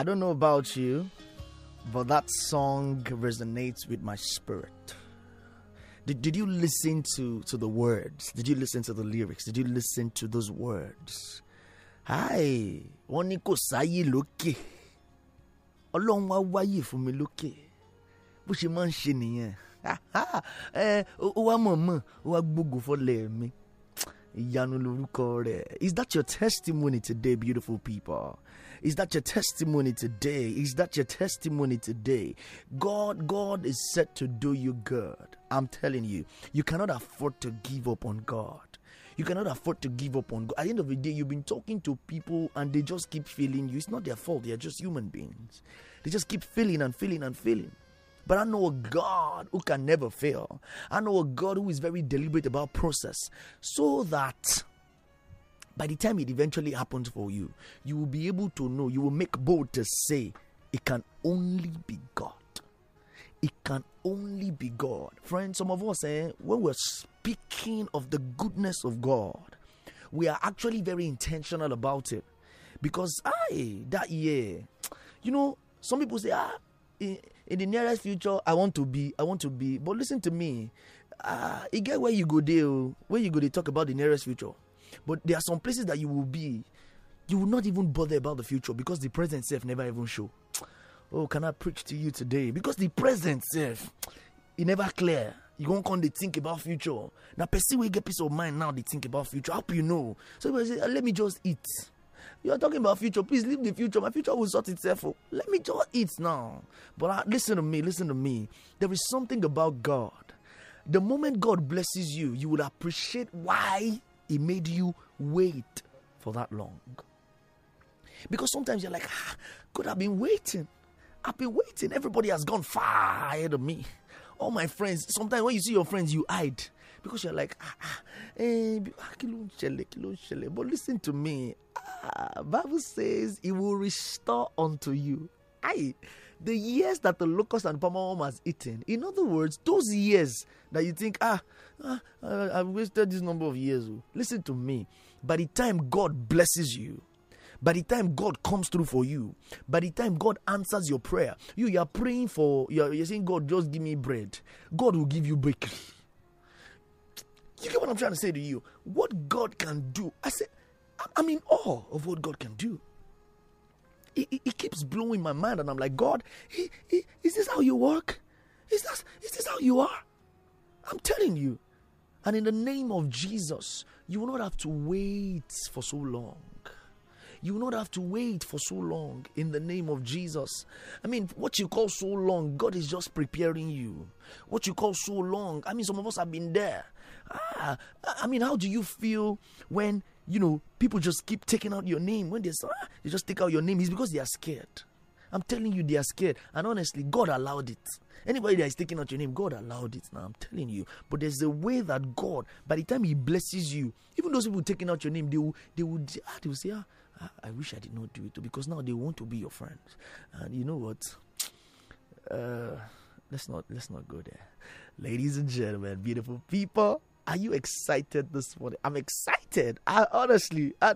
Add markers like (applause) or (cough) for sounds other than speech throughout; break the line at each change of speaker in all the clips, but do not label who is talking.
I don't know about you, but that song resonates with my spirit. Did, did you listen to, to the words? Did you listen to the lyrics? Did you listen to those words? Hi, wọ́n ní kò sáyé lókè. Ọlọ́run wá wáyè fún lókè. Bó ṣe máa ń wá mọ̀ọ́mọ̀, ó wá gbógun Is that your testimony today, beautiful people? Is that your testimony today? Is that your testimony today? God, God is set to do you good. I'm telling you, you cannot afford to give up on God. You cannot afford to give up on God. At the end of the day, you've been talking to people and they just keep failing you. It's not their fault, they are just human beings. They just keep failing and failing and failing. But I know a God who can never fail. I know a God who is very deliberate about process so that by the time it eventually happens for you, you will be able to know, you will make bold to say, it can only be God. It can only be God. Friends, some of us, eh, when we're speaking of the goodness of God, we are actually very intentional about it. Because I that year, you know, some people say, ah, in, in the nearest future, I want to be, I want to be. But listen to me, uh, ah, it get where you go there, oh, where you go, they talk about the nearest future. But there are some places that you will be, you will not even bother about the future because the present self never even show. (tsk) Oh, can I preach to you today? Because the present self, it never clear. You won't come they think about future. Now, perceive we get peace of mind now, they think about future. How you know? So say, ah, let me just eat. You're talking about future. Please leave the future. My future will sort itself out. Let me just eat now. But ah, listen to me, listen to me. There is something about God. The moment God blesses you, you will appreciate why he made you wait for that long. Because sometimes you're like, ah, God, I've been waiting. I've been waiting. Everybody has gone far ahead of me. All my friends, sometimes when you see your friends, you hide because you're like, ah, ah eh, ah, but listen to me. Ah, Bible says it will restore unto you. Aye, the years that the locust and palm worm has eaten. In other words, those years that you think, ah, Ah, I've wasted this number of years. Oh. Listen to me. By the time God blesses you, by the time God comes through for you, by the time God answers your prayer, you, you are praying for, you are, you're saying, God, just give me bread. God will give you bakery. You get what I'm trying to say to you? What God can do, I said, I'm in awe of what God can do. It, it, it keeps blowing my mind, and I'm like, God, is this how you work? Is this, is this how you are? I'm telling you. And in the name of Jesus, you will not have to wait for so long. You will not have to wait for so long in the name of Jesus. I mean, what you call so long, God is just preparing you. What you call so long, I mean, some of us have been there. Ah, I mean, how do you feel when, you know, people just keep taking out your name? When they, ah, they just take out your name, it's because they are scared. I'm telling you, they are scared. And honestly, God allowed it. Anybody that is taking out your name, God allowed it now. I'm telling you. But there's a way that God, by the time He blesses you, even those people taking out your name, they will they will, ah, they will say, ah, ah I wish I did not do it because now they want to be your friends. And you know what? Uh, let's not let's not go there. Ladies and gentlemen, beautiful people, are you excited this morning? I'm excited. I honestly, I,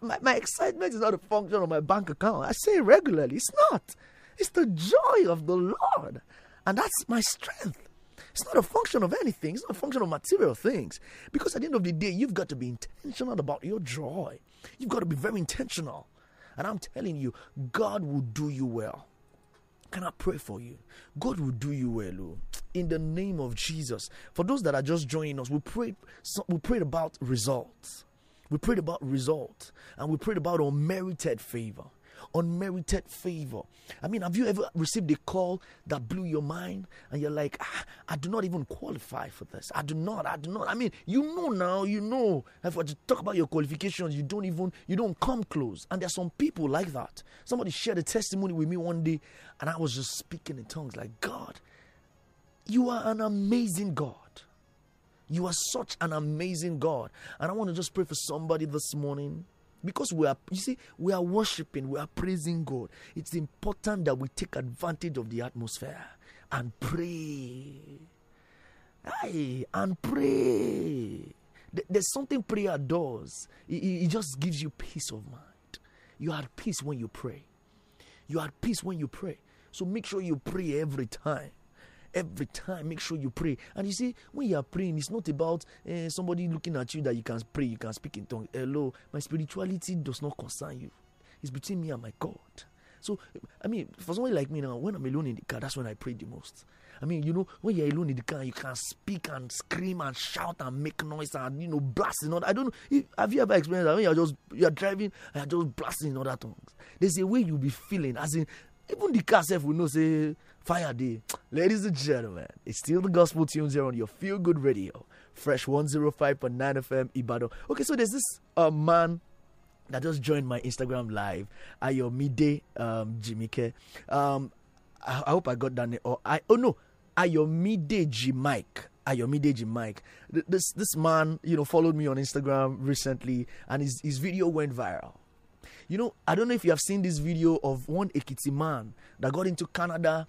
my, my excitement is not a function of my bank account. I say regularly, it's not. It's the joy of the Lord. And that's my strength. It's not a function of anything, it's not a function of material things. Because at the end of the day, you've got to be intentional about your joy. You've got to be very intentional. And I'm telling you, God will do you well. Can I pray for you? God will do you well, Lou. Oh. in the name of Jesus. For those that are just joining us, we prayed, we prayed about results. We prayed about results, and we prayed about unmerited favor unmerited favor. I mean, have you ever received a call that blew your mind and you're like, ah, I do not even qualify for this. I do not, I do not. I mean, you know now, you know. If I talk about your qualifications, you don't even, you don't come close. And there's some people like that. Somebody shared a testimony with me one day and I was just speaking in tongues like, God, you are an amazing God. You are such an amazing God. And I want to just pray for somebody this morning because we are you see we are worshiping we are praising god it's important that we take advantage of the atmosphere and pray Aye, and pray there's something prayer does it, it just gives you peace of mind you are at peace when you pray you are at peace when you pray so make sure you pray every time every time. Make sure you pray. And you see, when you are praying, it's not about uh, somebody looking at you that you can pray, you can speak in tongues. Hello, my spirituality does not concern you. It's between me and my God. So, I mean, for somebody like me now, when I'm alone in the car, that's when I pray the most. I mean, you know, when you're alone in the car, you can speak and scream and shout and make noise and you know blast blasting. Other, I don't know. have you ever experienced that when you're just you're driving and you're just blasting in other tongues? There's a way you'll be feeling, as in even the car self will know say Fire D. Ladies and gentlemen, it's still the gospel tunes here on your feel good radio. Fresh 105.9 FM Ibadan. Okay, so there's this uh, man that just joined my Instagram live, midday, um, K? Um, I, I hope I got that name. Or I oh no, midday G Mike. midday G Mike. This this man, you know, followed me on Instagram recently, and his his video went viral. You know, I don't know if you have seen this video of one Ekiti man that got into Canada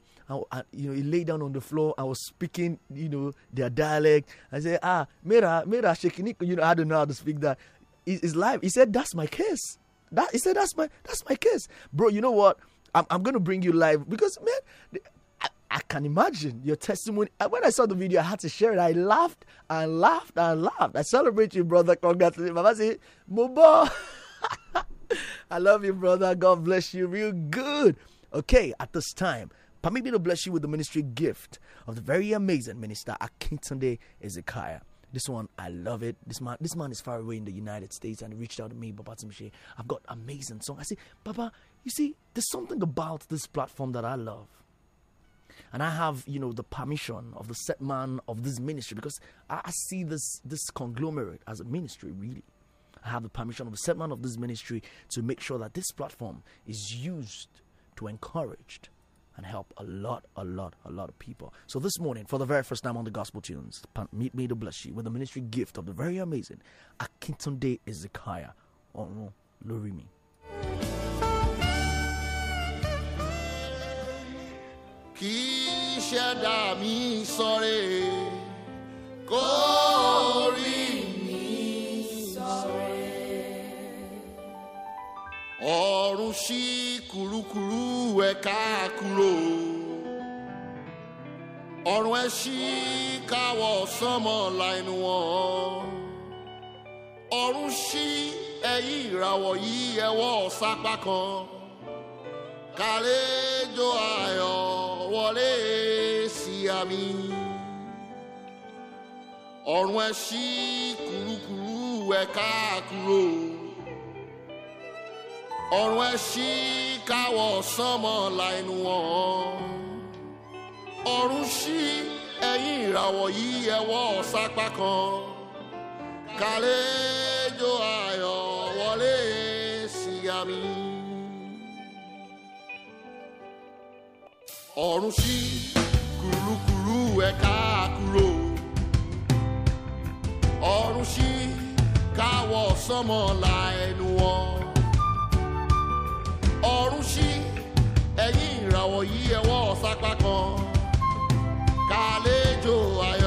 I, you know, he lay down on the floor. I was speaking, you know, their dialect. I said, ah, Mera, Mera, Shekinik. You know, I don't know how to speak that. It's live. He said, that's my case. That he said, that's my that's my case, bro. You know what? I'm I'm gonna bring you live because man. I, I can imagine your testimony. When I saw the video, I had to share it. I laughed and laughed and laughed. I celebrate you, brother. Congratulations. I say, (laughs) I love you, brother. God bless you real good. Okay, at this time, Permit me to bless you with the ministry gift of the very amazing minister Akintunde Ezekiah. This one, I love it. This man, this man is far away in the United States and he reached out to me, Baba Timshe. I've got amazing song. I say, Baba, you see, there's something about this platform that I love. And I have, you know, the permission of the set man of this ministry because I, I see this this conglomerate as a ministry, really. I have the permission of the set man of this ministry to make sure that this platform is used to encourage and help a lot, a lot, a lot of people. So this morning, for the very first time on the Gospel Tunes, meet me to bless you with the ministry gift of the very amazing Akintunde Ezekiah on Lurimi.
kùrukùru ẹ ká kúrò ọ̀run ẹ ṣí káwọ̀ sánmọ̀ láìnú wọn ọ̀run ṣí ẹ̀yìn ìràwọ̀ yìí ẹwọ́ sápá kan kàlejò ayọ̀ wọlé sí àmì ọ̀run ẹ ṣí kùrukùru ẹ ká kúrò ọ̀run ẹ ṣí dáwọ́ sánmọ̀ láìnú wọn ọ̀run ṣí ẹ̀yìn ìràwọ̀ yìí ẹ̀wọ́ ọ̀sápá kan kàlejò ayọ̀ wọlé sí àmì. ọ̀run ṣí kùrukùru ẹ̀ka kúrò ọ̀run ṣí káwọ́ sánmọ̀ láìnú wọn ọ̀run ṣí ẹ̀yìn ìràwọ̀ yí ẹwọ́ ọ̀sápá kan kàlejò ayé.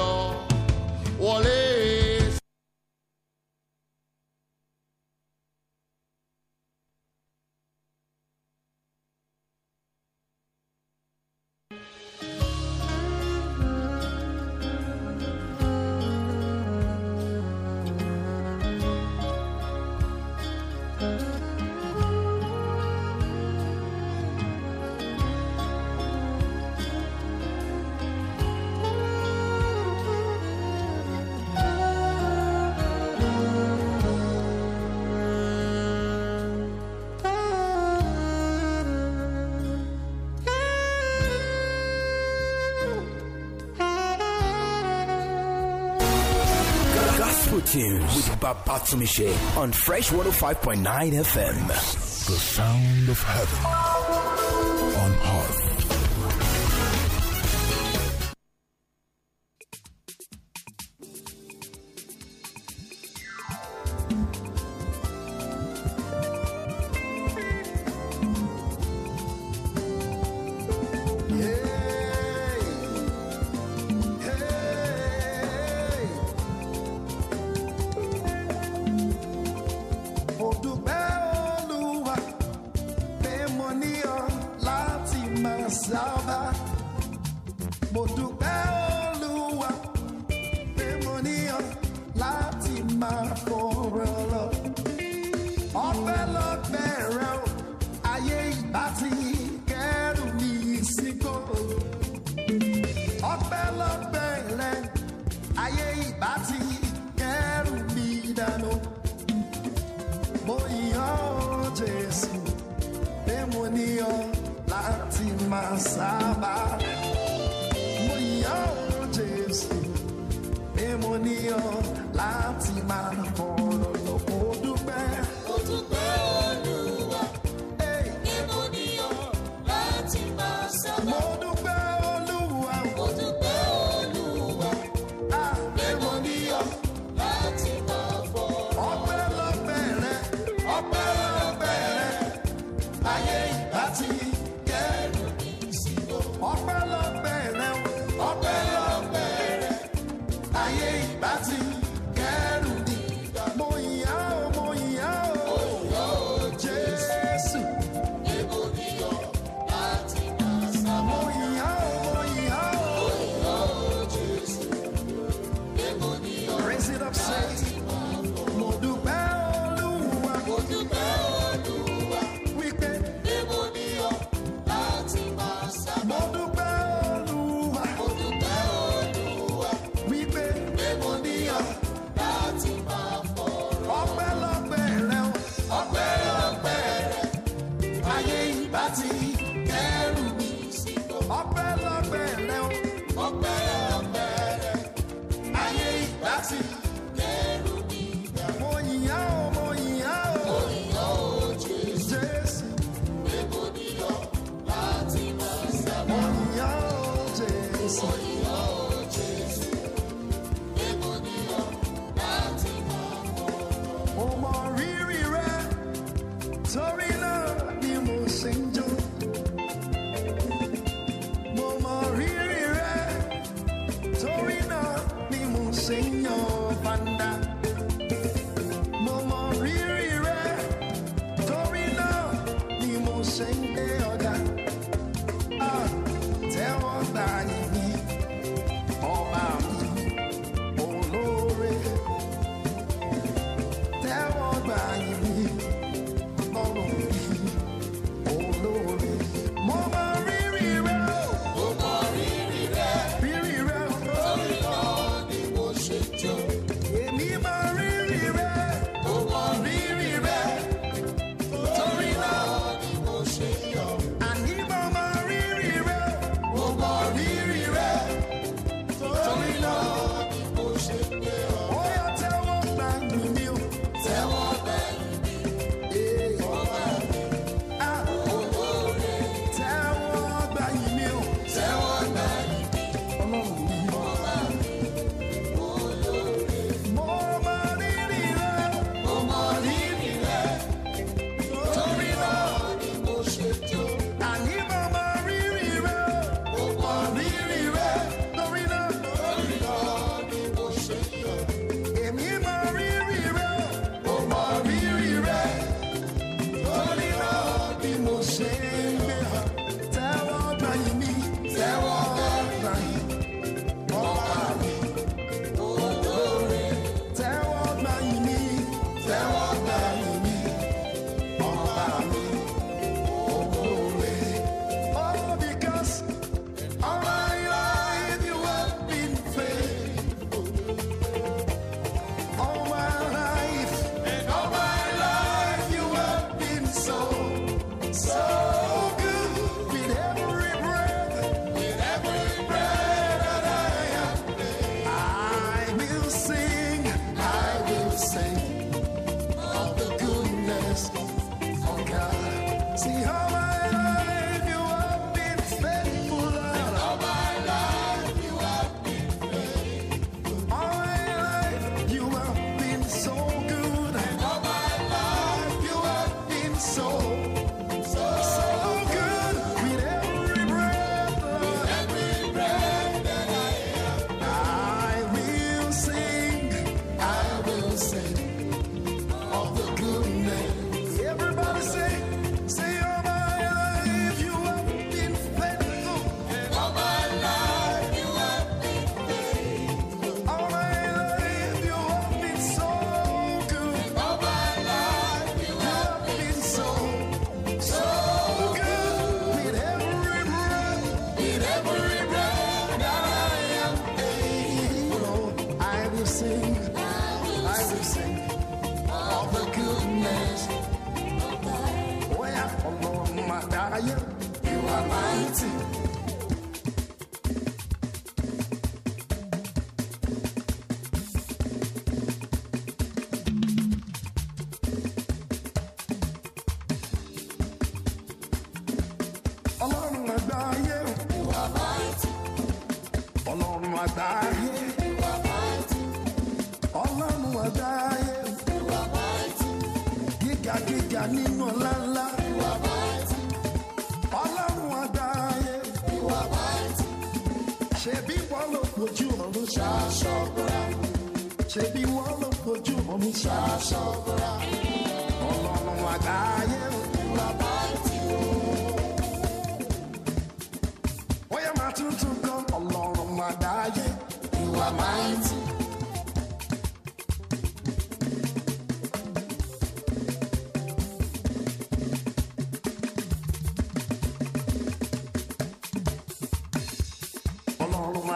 Tunes with Babatunde on Fresh 105.9 FM. The sound of heaven ayé it.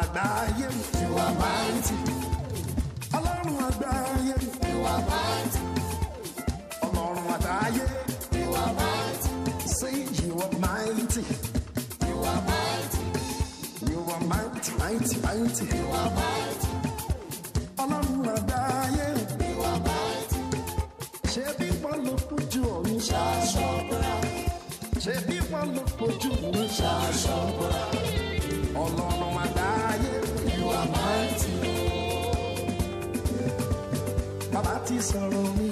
àgbáyé mi. You are mighty. Ọlọ́run àgbáyé mi. You are mighty. Ọlọ́run àgbáyé. You are mighty. Say you are mighty. You are mighty. You are mighty, mighty, mighty. You are mighty. Ọlọ́run àgbáyé. You are mighty. Ṣé bí wọ́n ló kojú ọ̀run ṣáṣọ́ bọ́lá? Ṣé bí wọ́n ló kojú ọ̀run ṣáṣọ́ bọ́lá? ọlọ́run àdáyé. ìwà máa ń tì. bàbá ti sọ̀rọ̀ mi.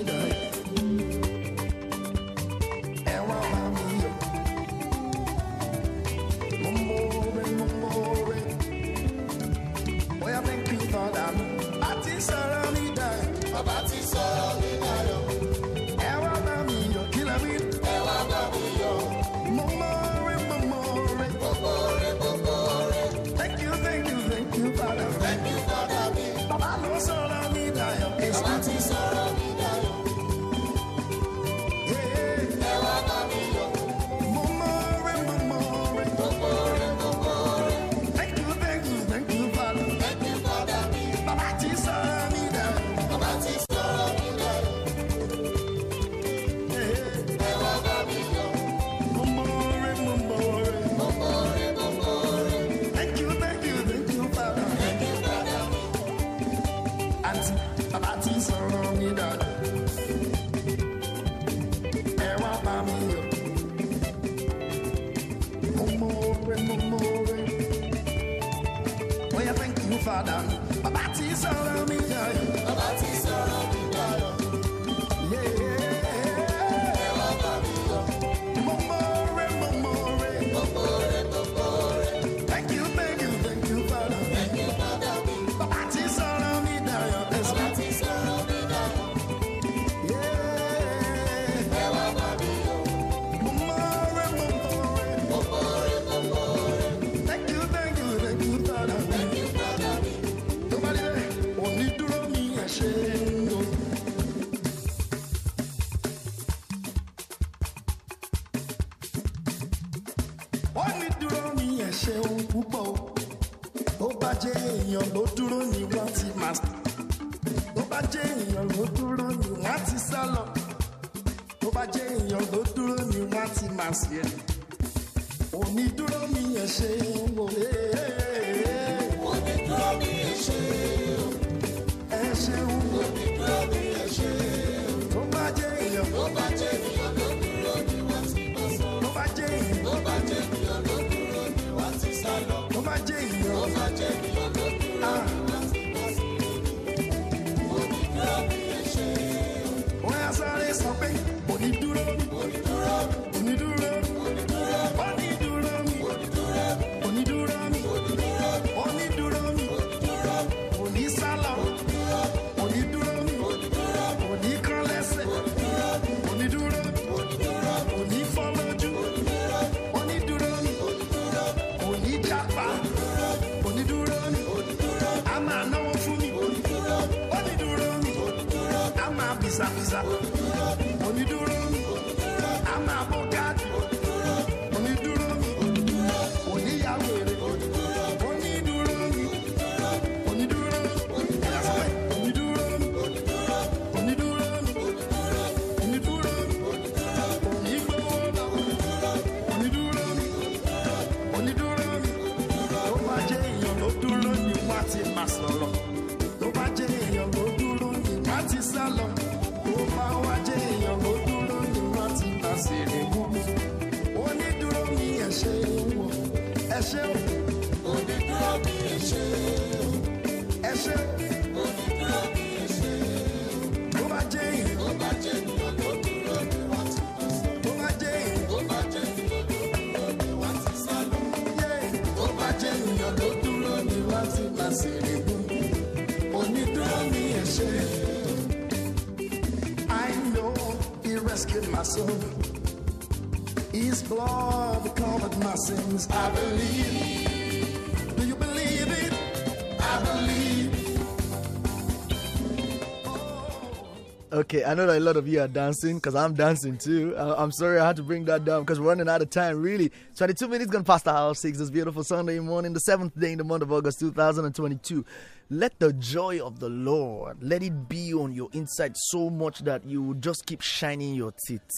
Okay, I know that a lot of you are dancing because I'm dancing too. I- am sorry I had to bring that down because we're running out of time, really. 22 minutes gone past the hour of six this beautiful Sunday morning, the seventh day in the month of August 2022. Let the joy of the Lord let it be on your inside so much that you just keep shining your teeth.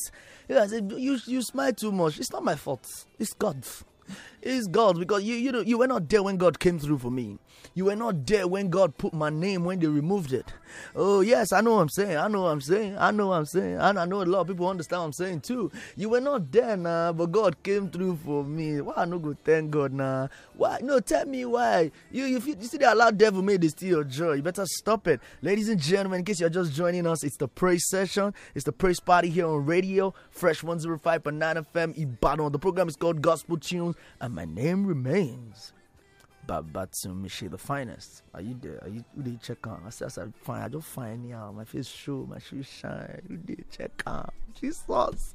Yeah, I said, you, you smile too much. It's not my fault, it's God's. It's God because you you know you were not there when God came through for me. You were not there when God put my name when they removed it. Oh, yes, I know what I'm saying. I know what I'm saying. I know what I'm saying. And I know a lot of people understand what I'm saying too. You were not there now, nah, but God came through for me. Why I no go thank God now? Nah? Why? No, tell me why. You you, you see the allowed devil made this steal your joy. You better stop it. Ladies and gentlemen, in case you're just joining us, it's the praise session. It's the praise party here on radio, Fresh 105.9 FM, Ibadan. The program is called Gospel Tunes, and my name remains. Babatum she the finest. Are you there? Are you who check on? I said, I said, fine, I don't find out. My face show, my shoes shine. Who did check on? Jesus.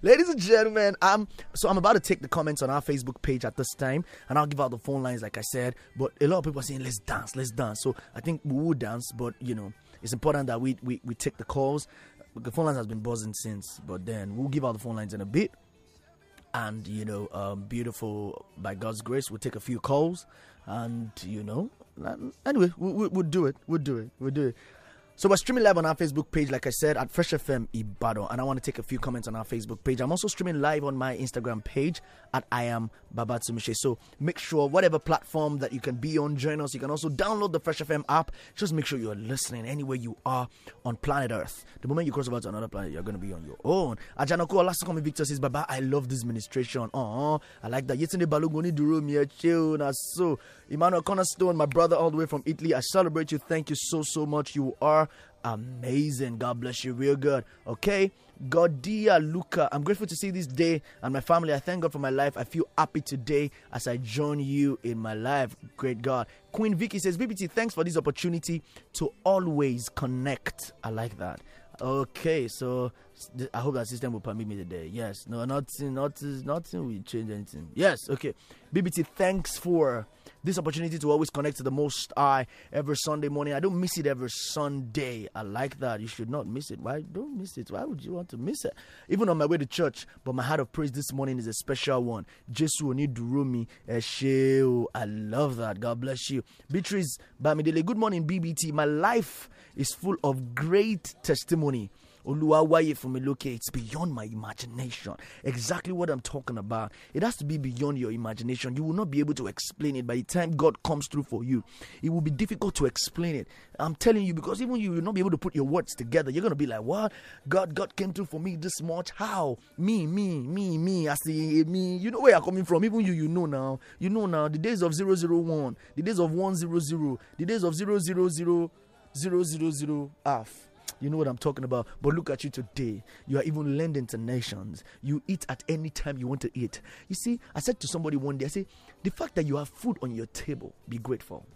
Ladies and gentlemen, I'm so I'm about to take the comments on our Facebook page at this time and I'll give out the phone lines like I said. But a lot of people are saying let's dance, let's dance. So I think we will dance, but you know, it's important that we we, we take the calls. The phone lines has been buzzing since, but then we'll give out the phone lines in a bit and you know um, beautiful by god's grace we'll take a few calls and you know, anyway, we, we, we'll do it. We'll do it. We'll do it. So we're streaming live on our Facebook page, like I said, at Fresh FM Ibado, And I want to take a few comments on our Facebook page. I'm also streaming live on my Instagram page at I am Babatsumishe. So make sure whatever platform that you can be on, join us. You can also download the Fresh FM app. Just make sure you're listening anywhere you are on planet Earth. The moment you cross over to another planet, you're going to be on your own. Ajanoko Alasakomi Victor says, Baba, I love this ministration. Oh, I like that. Yetunde Balugoni Duro Miacheo Naso. Emmanuel Cornerstone, my brother all the way from Italy. I celebrate you. Thank you so, so much. You are amazing. God bless you real good. Okay. Godia Luca. I'm grateful to see this day and my family. I thank God for my life. I feel happy today as I join you in my life. Great God. Queen Vicky says, BBT, thanks for this opportunity to always connect. I like that. Okay, so I hope that system will permit me today. Yes, no, nothing, nothing, nothing will change anything. Yes, okay. BBT, thanks for this opportunity to always connect to the Most High every Sunday morning. I don't miss it every Sunday. I like that. You should not miss it. Why don't miss it? Why would you want to miss it? Even on my way to church, but my heart of praise this morning is a special one. Jesu Onidurumi Esheo. I love that. God bless you. Beatrice Bamidele, good morning, BBT. My life is full of great testimony. Oluwawaye from Iloke, it's beyond my imagination. Exactly what I'm talking about. It has to be beyond your imagination. You will not be able to explain it by the time God comes through for you. It will be difficult to explain it. I'm telling you, because even you will not be able to put your words together. You're gonna be like, What? God, God came through for me this much. How? Me, me, me, me. I see me. You know where you're coming from. Even you, you know now. You know now the days of 001, the days of 100, the days of 000 000 half you know what I'm talking about. But look at you today. You are even lending to nations. You eat at any time you want to eat. You see, I said to somebody one day, I say, the fact that you have food on your table, be grateful.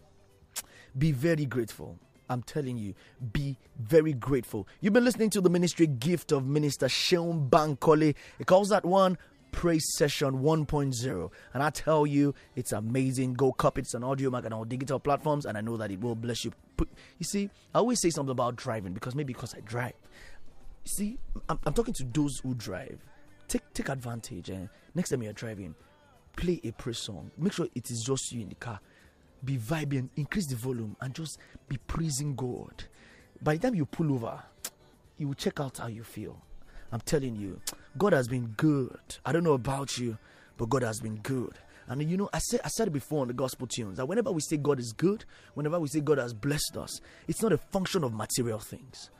Be very grateful. I'm telling you, be very grateful. You've been listening to the ministry gift of Minister Sheon Bankole. He calls that one Praise Session 1.0. And I tell you, it's amazing. Go copy it on audio mac and all digital platforms, and I know that it will bless you. You see, I always say something about driving because maybe because I drive. You see, I'm, I'm talking to those who drive. Take take advantage. And eh? next time you're driving, play a praise song. Make sure it is just you in the car. Be vibing, increase the volume, and just be praising God. By the time you pull over, you will check out how you feel I'm telling you, God has been good. I don't know about you, but God has been good. And you know, I said I said before on the gospel tunes that whenever we say God is good, whenever we say God has blessed us, it's not a function of material things.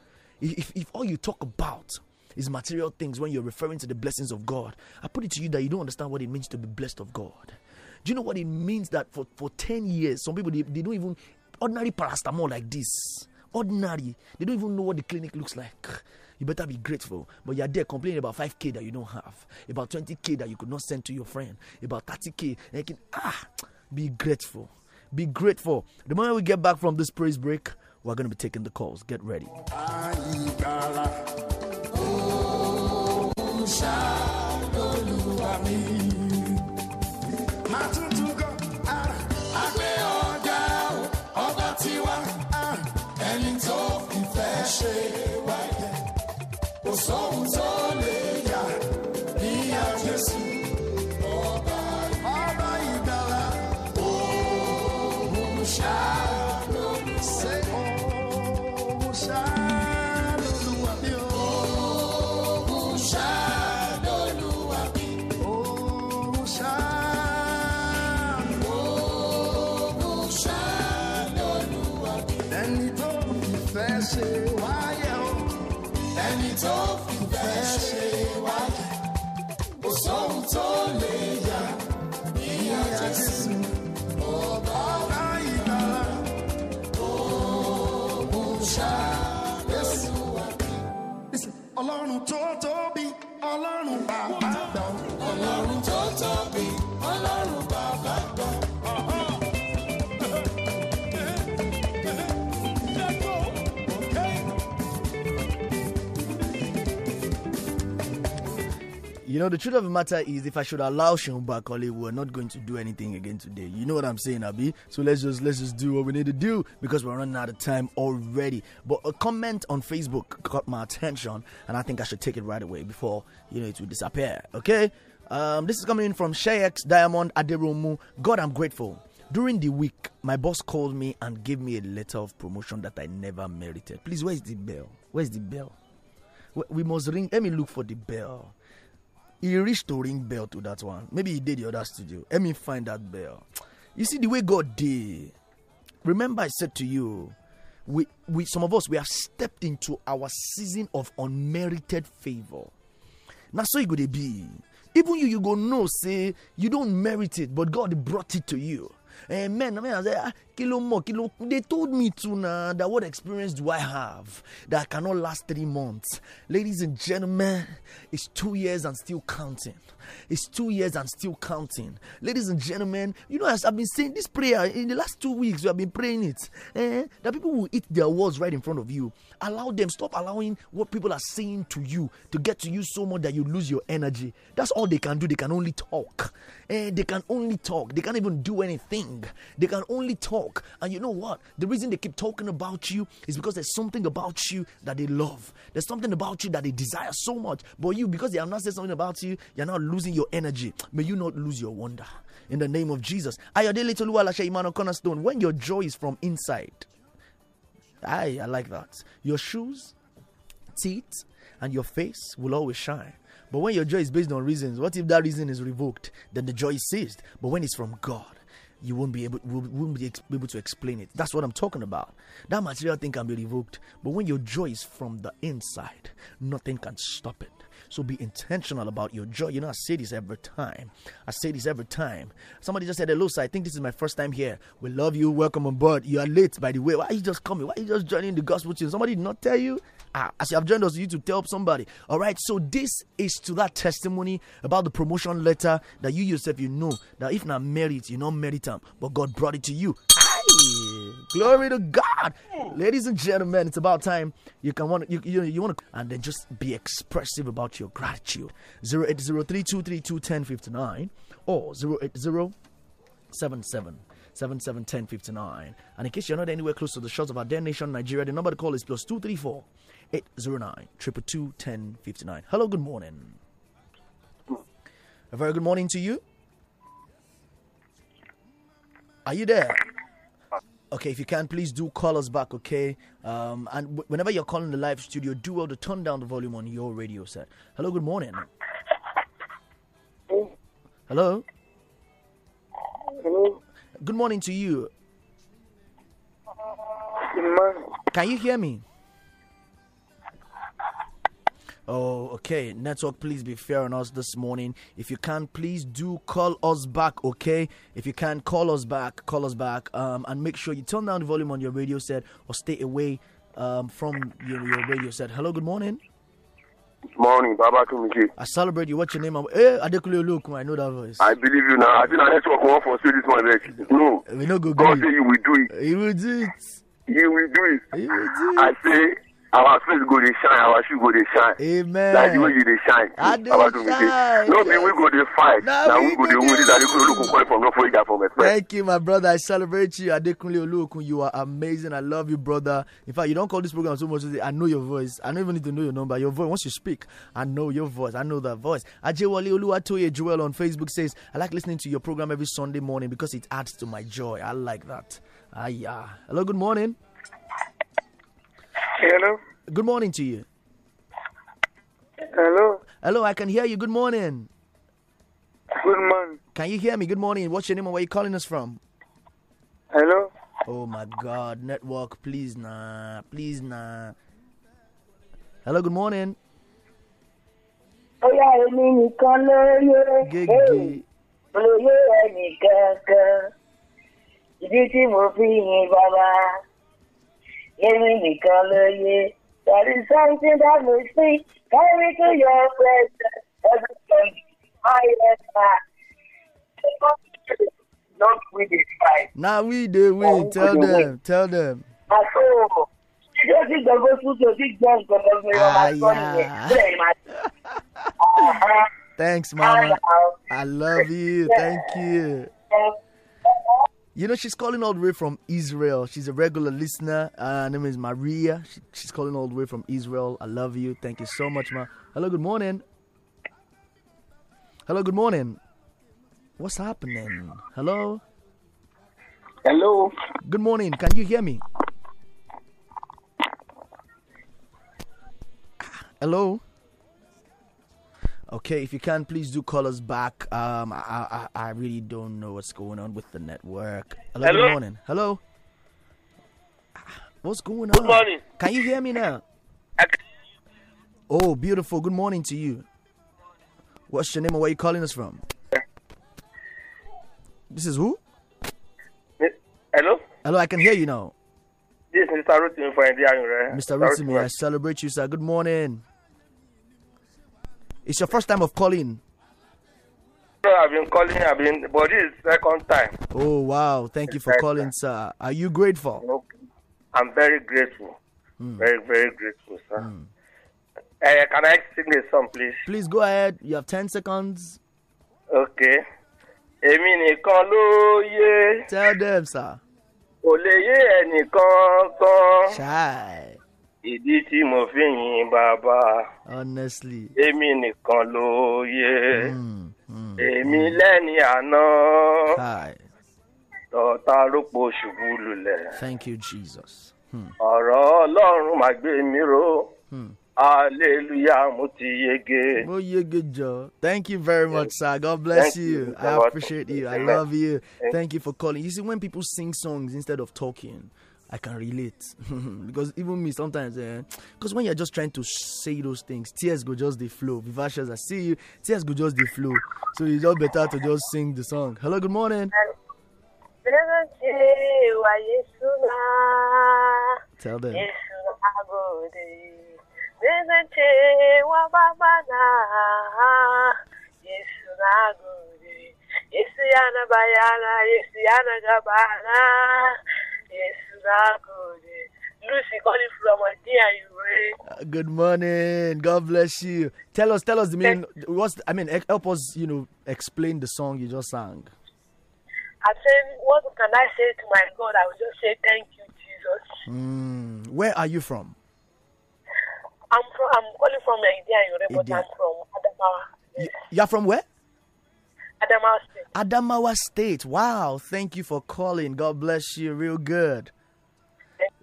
If, if all you talk about is material things when you're referring to the blessings of God, I put it to you that you don't understand what it means to be blessed of God. Do you know what it means that for, for 10 years, some people they, they don't even ordinary paracetamol like this. Ordinary, they don't even know what the clinic looks like you better be grateful. But you're there complaining about 5K that you don't have, about 20K that you could not send to your friend, about 30K. And you can, ah, be grateful. Be grateful. The moment we get back from this praise break, we're going to be taking the calls. Get ready. You know, the truth of the matter is, if I should allow Seun Bakole, we're not going to do anything again today. You know what I'm saying, Abi? So let's just let's just do what we need to do because we're running out of time already. But a comment on Facebook caught my attention, and I think I should take it right away before you know it will disappear. Okay. Um, this is coming in from Shex Diamond Aderomu. God, I'm grateful. During the week, my boss called me and gave me a letter of promotion that I never merited. Please, where's the bell? Where's the bell? We must ring. Let me look for the bell. He reached to ring bell to that one. Maybe he did the other studio. Let me find that bell. You see the way God did. Remember, I said to you, we, we some of us we have stepped into our season of unmerited favor. Now so it could be. Even you, you go no say you don't merit it, but God brought it to you. Amen. Eh, mean, I said, ah, kilo more, kilo. They told me to now that what experience do I have that I cannot last three months? Ladies and gentlemen, it's two years and still counting. It's two years and still counting. Ladies and gentlemen, you know, as I've been saying this prayer in the last two weeks, we have been praying it. Eh? That people will eat their words right in front of you. Allow them, stop allowing what people are saying to you to get to you so much that you lose your energy. That's all they can do. They can only talk. Eh? They can only talk. They can't even do anything. They can only talk. And you know what? The reason they keep talking about you is because there's something about you that they love. There's something about you that they desire so much. But you, because they have not said something about you, you're not losing losing your energy, may you not lose your wonder. In the name of Jesus. Ayodele Toluwalashe Imano Cornerstone, when your joy is from inside. I, I like that. Your shoes, teeth, and your face will always shine. But when your joy is based on reasons, what if that reason is revoked? Then the joy is ceased. But when it's from God, you won't be able won't be able to explain it. That's what I'm talking about. That material thing can be revoked, but when your joy is from the inside, nothing can stop it. So be intentional about your joy. You know, I say this every time. I say this every time. Somebody just said, Hello, sir. I think this is my first time here. We love you. Welcome on board. You are late, by the way. Why are you just coming? Why are you just joining the gospel team? Somebody did not tell you? Ah, as you have joined us, you need to tell somebody. All right. So this is to that testimony about the promotion letter that you yourself you know that if not merit, you not merit them, but God brought it to you. Aye. Glory to God. Ladies and gentlemen, it's about time you can want you you, you want to and then just be expressive about your gratitude. Zero eight zero three two three two ten fifty nine or 08077 771059. And in case you're not anywhere close to the shores of our dear nation, Nigeria, the number to call is plus 234 809 1059. Hello, good morning. A very good morning to you. Are you there? Okay, if you can, please do call us back, okay? Um, and w- whenever you're calling the live studio, do well to turn down the volume on your radio set. Hello, good morning. Hello. Hello. Good morning to you. Good morning. Can you hear me? Oh, okay. Network, please be fair on us this morning. If you can, please do call us back, okay? If you can, call us back, call us back, um, and make sure you turn down the volume on your radio set or stay away um, from your, your radio set. Hello, good morning.
Good morning, Baba Kumiki. I
celebrate you. What's your name? Hey, eh, Adekule look. I know that voice. I
believe you now. I think I network one for you this one. No.
We no go God say you will do it. He will do it. You will do it. He will do it.
I say
our face go dey shine our shoe go dey shine amen That's the way you shine I do shine no we will go dey fight na we go dey win this adekunle olukun from north florida for my friend. thank
you my brother i celebrate you adekunle olukun you are amazing i love you brother in fact you don't call this program so much i know your voice i don't even need to know your number your voice once you speak i know your voice i know that voice ajewale oluwatoye joel on facebook says i like listening to your program every sunday morning because it adds to my joy i like that ah yeah hello good morning. Hello. Good morning to you. Hello. Hello, I can hear you. Good morning. Good morning. Can you hear me? Good morning. What's your name and where are you calling us from? Hello. Oh my God, network, please nah, please nah. Hello, good morning. Bóyá oh,
èmi Give me color, yeah. That is something that makes me carry to your presence. Everything I am Not we the fight.
Now we do We Tell them. Tell them.
I so you don't
ah, my
(laughs) uh-huh.
Thanks, Mama. I love you. Thank you. You know, she's calling all the way from Israel. She's a regular listener. Uh, her name is Maria. She, she's calling all the way from Israel. I love you. Thank you so much, ma. Hello, good morning. Hello, good morning. What's happening? Hello? Hello. Good morning. Can you hear me? Hello? Okay, if you can, please do call us back. Um, I, I, I really don't know what's going on with the network. Hello, Hello? Good morning. Hello. What's going on? Good morning. Can you hear me now? Oh, beautiful. Good morning to you. What's your name and where are you calling us from? This is who? Hello? Hello, I can hear you now.
This is Mr. India, for Mr. Rotimi, I
celebrate you, sir. Good morning. It's your first time of calling.
No, I've been calling. I've been, but this is second time.
Oh wow! Thank you for calling, sir. Are you grateful?
I'm very grateful. Mm. Very, very grateful, sir. Mm. Uh, can I sing a song, please?
Please go ahead. You have ten seconds. Okay. Èmi nìkan ló yé. Tell them, sir. Kò lè yé ẹnìkan kan. Ṣáà. ìdí
tí mo fi yin bàbá èmi nìkan ló yẹ hmm,
hmm, èmi hmm. lẹ́ni
àná tọ́ta rúpo ṣubú lulẹ̀.
thank you jesus.
ọ̀rọ̀ ọlọ́run máa gbé mi ró hallelujah mo ti yege. mo
yege jọ thank you very much sir god bless you. i appreciate you i love you thank you for calling you see when people sing songs instead of talking. I can relate (laughs) because even me sometimes, because eh, uh, when you're just trying to say those things, tears go just the flow. Vivacious, I see you, tears go just the flow. So it's all better to just sing the song. Hello, good morning. Tell them. Uh, good. morning. God bless you. Tell us, tell us the meaning. What's I mean? Help us, you know, explain the song you just sang.
I said, what can I say to my God? I will just say thank you, Jesus.
Mm. Where are you from?
I'm from. I'm calling from Nigeria, but from Adamawa.
Yes. You're from where? Adamawa State. Adamawa State. Wow. Thank you for calling. God bless you. Real good.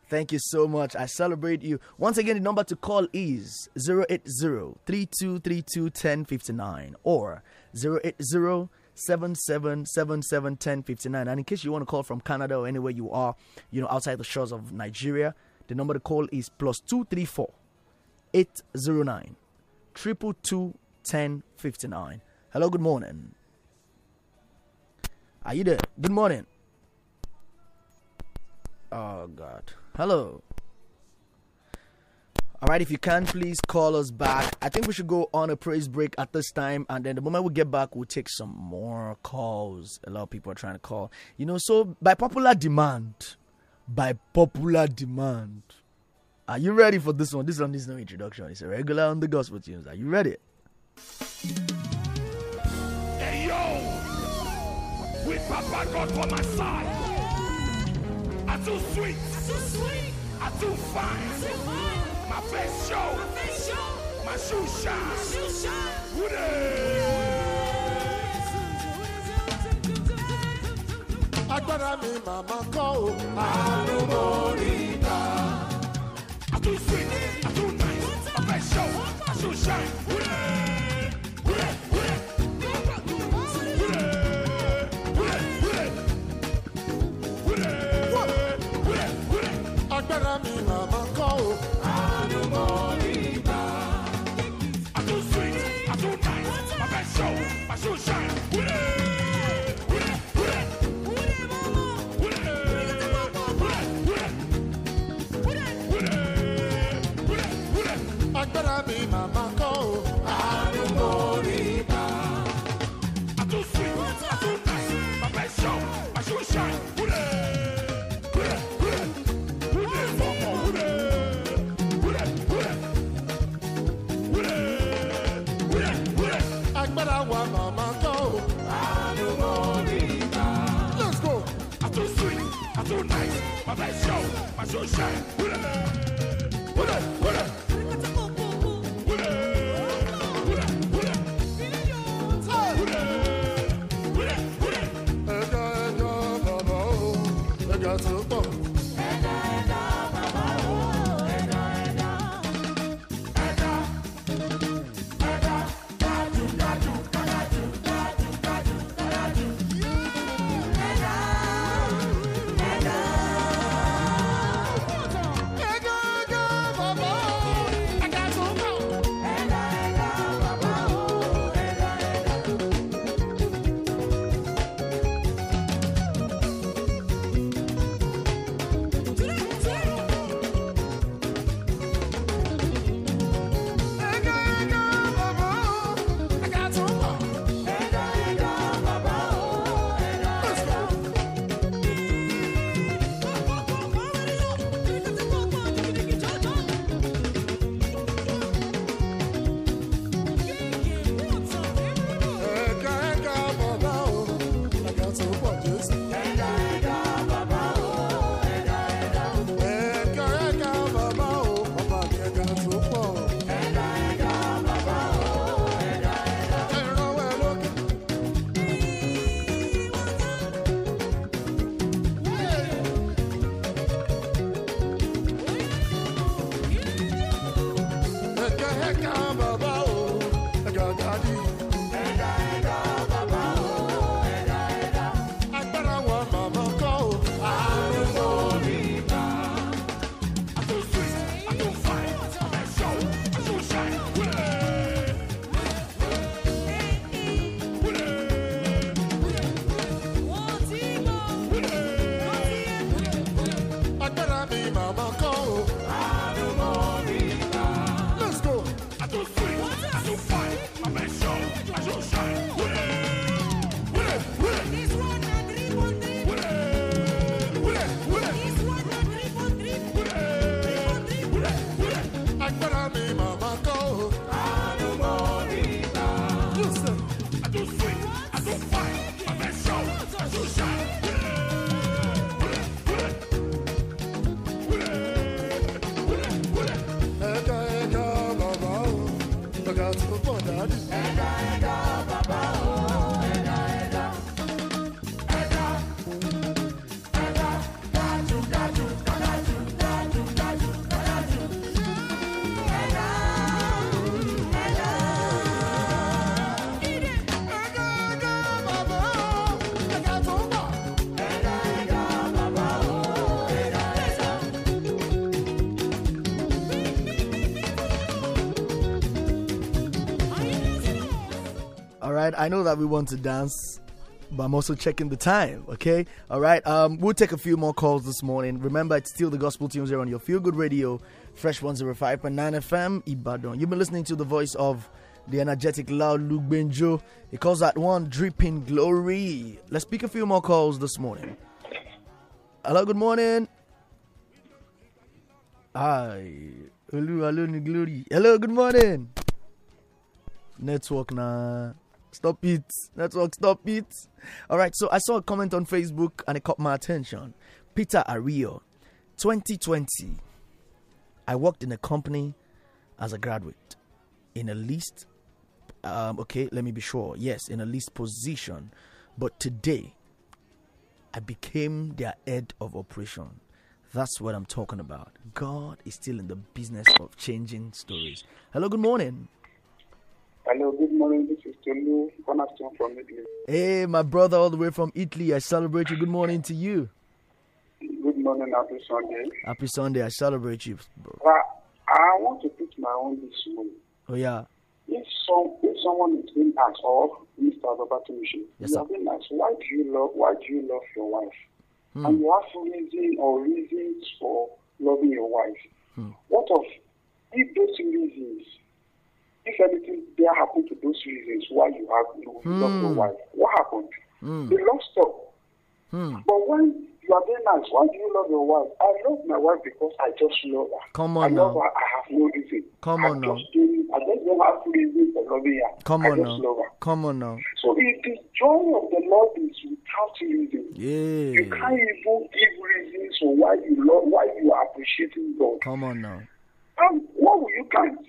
Thank you so much. I celebrate you. Once again, the number to call is 080-3232-1059 or 080 and in case you want to call from canada or anywhere you are you know outside the shores of nigeria the number to call is plus 234 809 1059 hello good morning are you there good morning oh god Hello. All right, if you can, please call us back. I think we should go on a praise break at this time, and then the moment we get back, we'll take some more calls. A lot of people are trying to call, you know. So, by popular demand, by popular demand, are you ready for this one? This one is no introduction, it's a regular on the gospel tunes. Are you ready?
Hey, yo, with Papa God on my side. I too sweet. I too sweet. I too fine. I too fine. My face show. My face show. My shoes shine. My shoes shine. Who Agbára mi màmá kọ́ o. Àlùmọ́ríta. I too sweet. I too nice. My face show. My shoes shine. protect our
I know that we want to dance, but I'm also checking the time. Okay, all right. Um, we'll take a few more calls this morning. Remember, it's still the Gospel Tunes here on your Feel Good Radio, Fresh 105.9 FM, Ibadan. You've been listening to the voice of the energetic loud Luke Benjo. He calls that one dripping glory. Let's pick a few more calls this morning. Hello, good morning. Hi. Hello, hello, glory. Hello, good morning. Network nah. Stop it. Network, stop it. All right, so I saw a comment on Facebook and it caught my attention. Peter Ario, 2020. I worked in a company as a graduate in a least, um, okay, let me be sure. Yes, in a least position. But today, I became their head of operation. That's what I'm talking about. God is still in the business of changing stories. Hello, good morning.
Hello, good morning. This from Italy.
Hey, my brother, all the way from Italy. I celebrate you. Good morning to you.
Good morning. Happy Sunday.
Happy Sunday. I celebrate you, bro.
I want to put my own this morning. Oh, yeah. If, some, if someone is being asked, or Mr. Roberto Michel, yes, you have been asked, why do you love, why do you love your wife? Hmm. And you have reason or reasons for loving your wife. Hmm. What of if those reasons if anything there happened to those reasons why you have you mm. love your wife, what happened? Mm. You lost her. Mm. But when you are being nice, why do you love your wife? I love my wife because I just love her. Come on I love now. her. I have no reason.
Come on I now. Just
doing, I just don't have reason for loving her. Come I on just now. Love her.
Come on now. So
if the joy of the Lord is without reason, yeah. you can't even give reasons for why you love, why you are appreciating God. Come on now. And what will you count?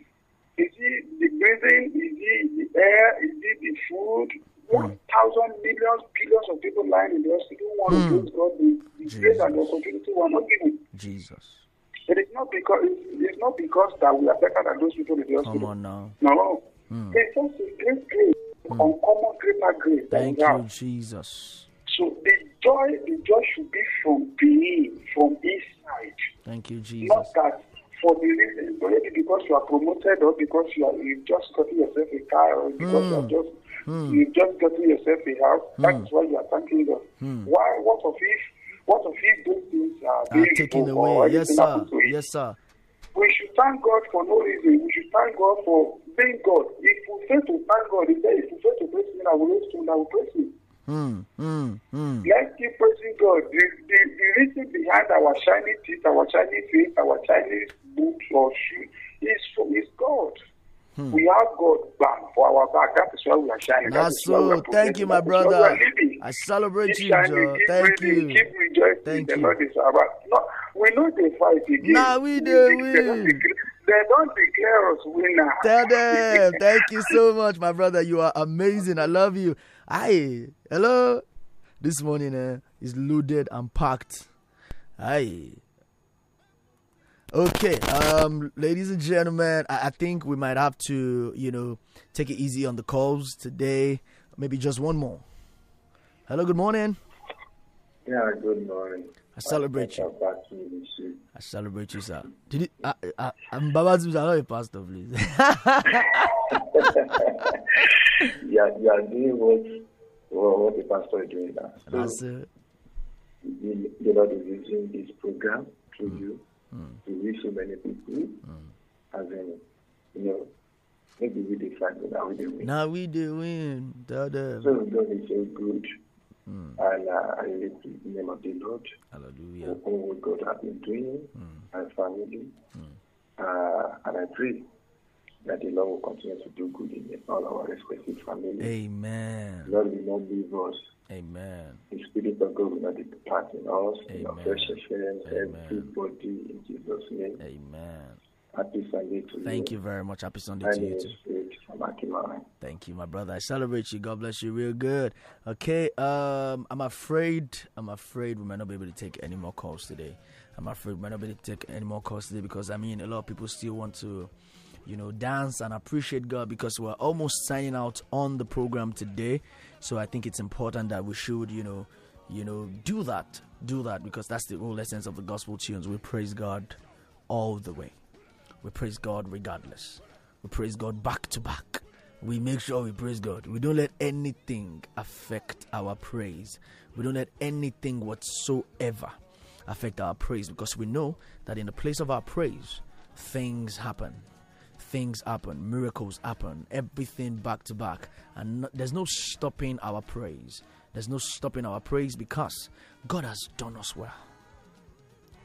Is it the breathing? Is it the air? Is it the food? Hmm. One thousand millions, billions of people lying in the hospital want mm. to God the grace and the opportunity were not given.
Jesus.
It is not because it is not because that we are better than those people in the hospital. Come on now. No. Mm. It's just a great grace, mm. uncommon greater grace. Thank you,
have. Jesus.
So the joy, the joy should be from being, from inside.
Thank you, Jesus. Not
that for the reason, maybe because you are promoted or because you are, you've just gotten yourself a car or because mm. you are hmm. just mm. you've just gotten yourself a house. Hmm. That's why you are thanking God. Hmm. Why? What of if? What of if those things are being taken away? Yes, sir. Yes, sir. We should thank God for no reason. We should thank God for being God. If we fail to thank God, if, there, if we fail to praise Him, I will praise Him. I will praise Him.
Mm, mm,
Let's keep praising God. The, the, the reason behind our shiny teeth, our shiny face, our shiny boots or shoes is, from His God. Hmm. We have God back for our back. That is why we are shining. That's so. Thank you, my
brother. I celebrate keep you, Joe. Thank you. Keep rejoicing. Thank you. Lord is about. No, we know they fight again. Nah, we do. We, they, we. They don't
declare us winner.
Tell them. (laughs) Thank you so much, my brother. You are amazing. I love you. Hi, hello. This morning uh, is loaded and packed. Hi. Okay, um, ladies and gentlemen, I, I, think we might have to, you know, take it easy on the calls today. Maybe just one more. Hello, good morning. Yeah, good morning. I celebrate I you. I celebrate you, sir. Did it, I, I, I'm Baba Zim, i not a pastor, please. (laughs) (laughs) you are, you are
doing what, what, what the pastor is doing now. So That's
it. The, the
Lord is using this program through mm. you mm. to reach so many people. Mm. As in, you know, maybe we the fight, now we do win.
Now we do win. Da, da. So
God is so good. Mm. And uh, I the name of the Lord. Hallelujah. For all what God has been doing, mm. and family. Mm. Uh, and I pray that the Lord will continue to do good in all our respective families. Amen. Lord will not leave us. Amen. The Spirit of God will not depart in us, Amen. in our fresh assurance, everybody in Jesus' name. Amen. Happy Sunday
to you. Thank you very much. Happy Sunday to you too. Thank you, my brother. I celebrate you. God bless you real good. Okay, um, I'm afraid I'm afraid we might not be able to take any more calls today. I'm afraid we might not be able to take any more calls today because I mean a lot of people still want to you know, dance and appreciate God because we're almost signing out on the program today. So I think it's important that we should, you know, you know, do that, do that because that's the whole essence of the gospel tunes. We praise God all the way. We praise God regardless. We praise God back to back. We make sure we praise God. We don't let anything affect our praise. We don't let anything whatsoever affect our praise because we know that in the place of our praise, things happen things happen, miracles happen, everything back to back. And no, there's no stopping our praise. There's no stopping our praise because God has done us well.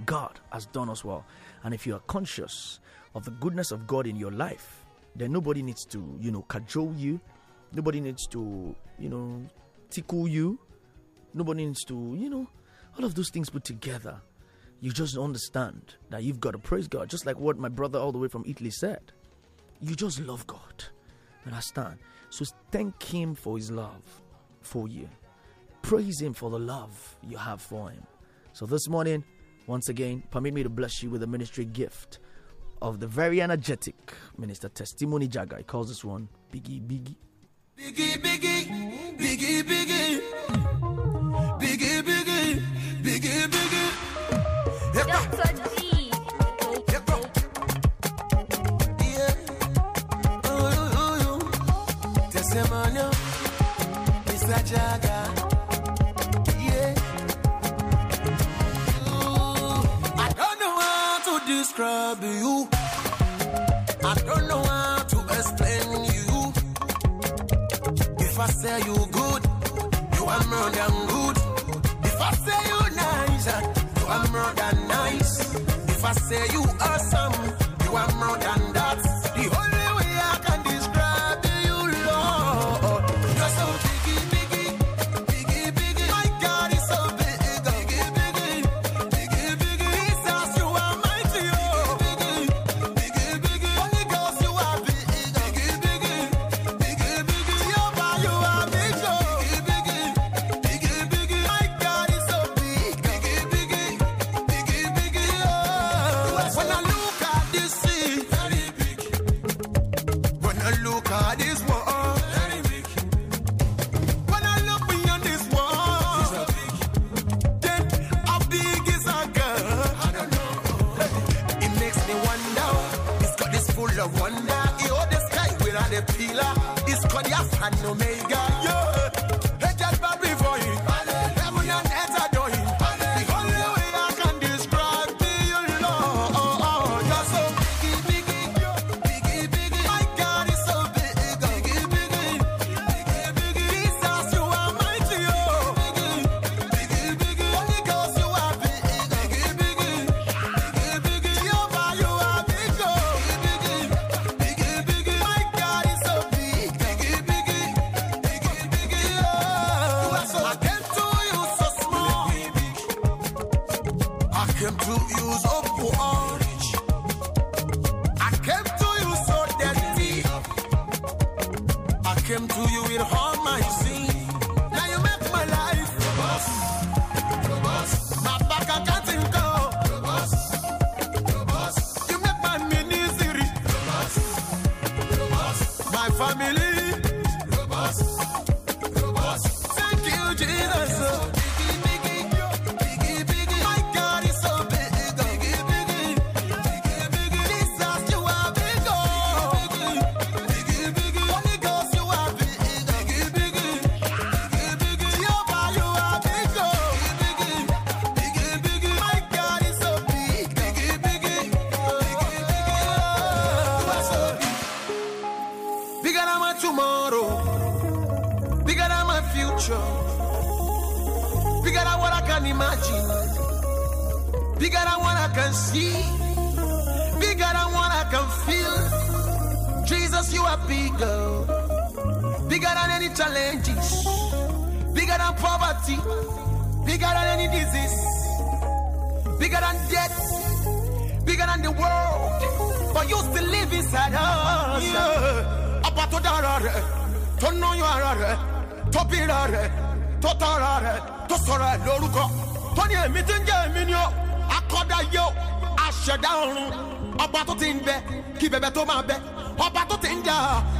God has done us well. And if you are conscious of the goodness of God in your life, then nobody needs to, you know, cajole you. Nobody needs to, you know, tickle you. Nobody needs to, you know, all of those things put together. You just understand that you've got to praise God, just like what my brother all the way from Italy said. You just love God. Understand? So thank Him for His love for you. Praise Him for the love you have for Him. So this morning, once again, permit me to bless you with a ministry gift of the very energetic minister Testimony Jagger. He calls this one Biggie Biggie. Biggie
Biggie, Biggie Biggie, Biggie Biggie, Biggie Biggie. biggie. you. I don't know how to explain you. If I say you good, you are more than good. If I say you nice, you are more than nice. If I say you awesome, you are more than ọba tó ti ń bẹ kí bẹbẹ tó máa bẹ ọba tó ti ń da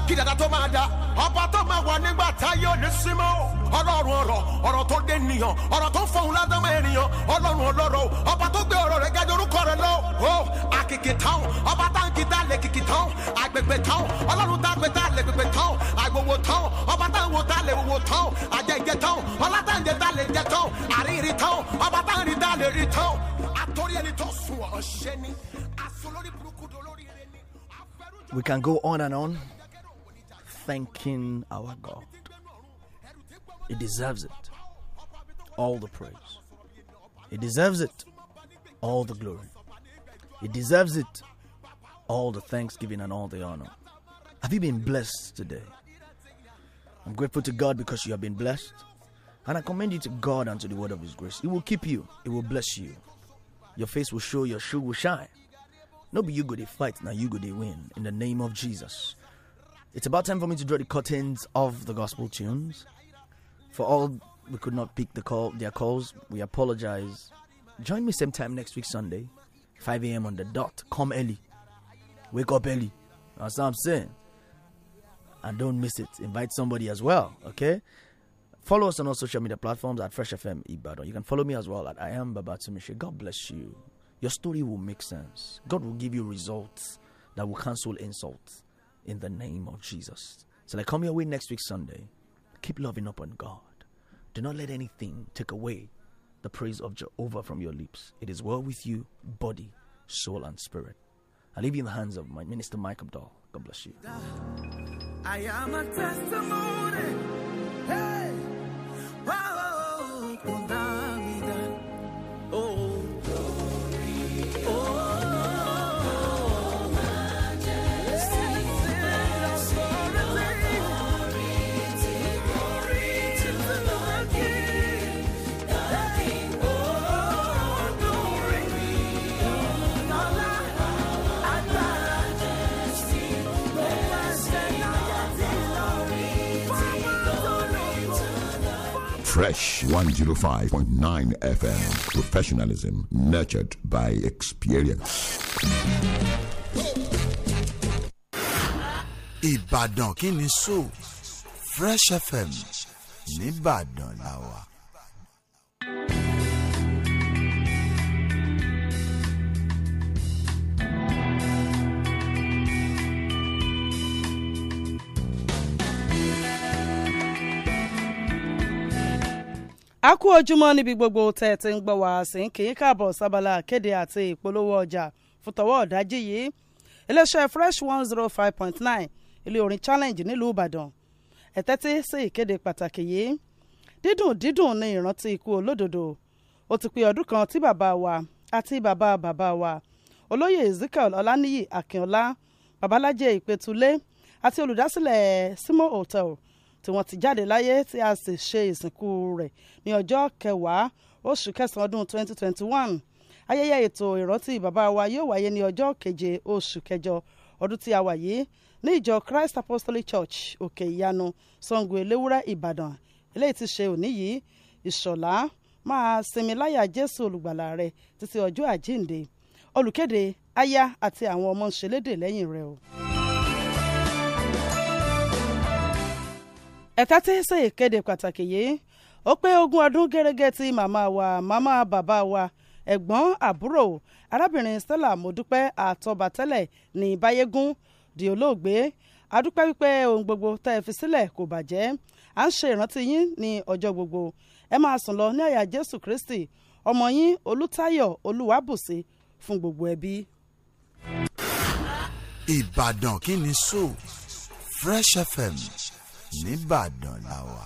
kí dada tó máa dà ọba tó máa wà nígbà táyé ò ọ̀rọ̀ ọ̀rọ̀ tó dé nìyàn ọ̀rọ̀ tó fọhùn ènìyàn ọlọ́run ọlọ́rọ̀ ọba tó gbé ọ̀rọ̀ rẹ̀ gẹ́gẹ́ orúkọ rẹ̀ lọ. ó táwọn ọba táǹkì kìkì táwọn àgbègbè táwọn ọlọ́run gbègbè táwọn àgbòwò táwọn ọba táwọn wò táwọn àjẹjẹ táwọn jẹ táwọn
We can go on and on thanking our God. He deserves it. All the praise. He deserves it. All the glory. He deserves it. All the thanksgiving and all the honor. Have you been blessed today? I'm grateful to God because you have been blessed. And I commend you to God and to the word of His grace. It will keep you, it will bless you. Your face will show, your shoe will shine. No, be you go to fight, now you go to win. In the name of Jesus. It's about time for me to draw the curtains of the gospel tunes. For all we could not pick the call, their calls, we apologize. Join me same time next week Sunday, 5 a.m. on the dot. Come early. Wake up early. That's what I'm saying. And don't miss it. Invite somebody as well, okay? Follow us on all social media platforms at Fresh FM Ibadan. You can follow me as well at I am Babatsumishi. God bless you. Your story will make sense. God will give you results that will cancel insults in the name of Jesus. So I come your way next week Sunday. Keep loving up on God. Do not let anything take away the praise of Jehovah from your lips. It is well with you, body, soul, and spirit. I leave you in the hands of my minister, Mike Abdul. God bless you.
I am a testimony. Hey!
Fresh 105.9 FM. Professionalism nurtured by experience. Ìbàdàn Kini ni so Fresh FM
nìbàdàn
a kú ojúmọ́ níbi gbogbo tẹ̀ ti ń gbọ́ wá sí kì í káàbọ̀ sábàlá kéde àti ìpolówó ọjà fòtọ́wọ́ ọ̀dájú yìí iléeṣẹ́ fresh one zero five point nine ilé orin challenge nílùú ìbàdàn ẹ̀tẹ́tí sí ìkéde pàtàkì yìí dídùn dídùn ní ìrántí ikú olódodo ó ti pé ọdún kan tí bàbá wa àti bàbá bàbá wa olóyè ezekiel ọláníyì akínọlá babalájẹ ìpẹtulé àti olùdásílẹ̀ simo hotel tí wọ́n ti jáde láyé tí a sì ṣe ìsìnkú rẹ̀ ní ọjọ́ kẹwàá oṣù kẹsàn-án ọdún 2021 ayẹyẹ ètò ìrántí bàbá wa yóò wáyé ní ọjọ́ keje oṣù kẹjọ ọdún tí a wà yìí ní ìjọ Christ Apostolic Church òkè ìyanu Ṣàngó eléwúrẹ́ Ìbàdàn eléyìí ti ṣe òní yìí ìṣọ̀lá máa sinmi láyà Jésù olùgbàlà rẹ títí ọjọ́ àjíǹde olùkéde aya àti àwọn ọmọ ń ṣẹlẹ́dẹ̀ lẹ́yìn rẹ̀ o. ẹ̀ka tí ń ṣe ìkéde pàtàkì yìí ó pé ogún ọdún gẹ́gẹ́ tí màmá wa màmá bàbá wa ẹ̀gbọ́n àbúrò arábìnrin Stella Modúpẹ́ àtọbàtẹ́lẹ̀ ní Báyégún di olóògbé adúpẹ́ wípé ohun gbogbo tẹ́ ẹ fi sílẹ̀ kò bàjẹ́ à ń ṣe ìrántí yín ní ọjọ́ gbogbo ẹ máa sùn lọ ní àyà Jésù Kristi ọmọ yín Olútáyọ̀ Olúwàbùsí fún gbogbo ẹbí.
Ìbàdàn kí ni so Fresh FM nìbàdàn làwà.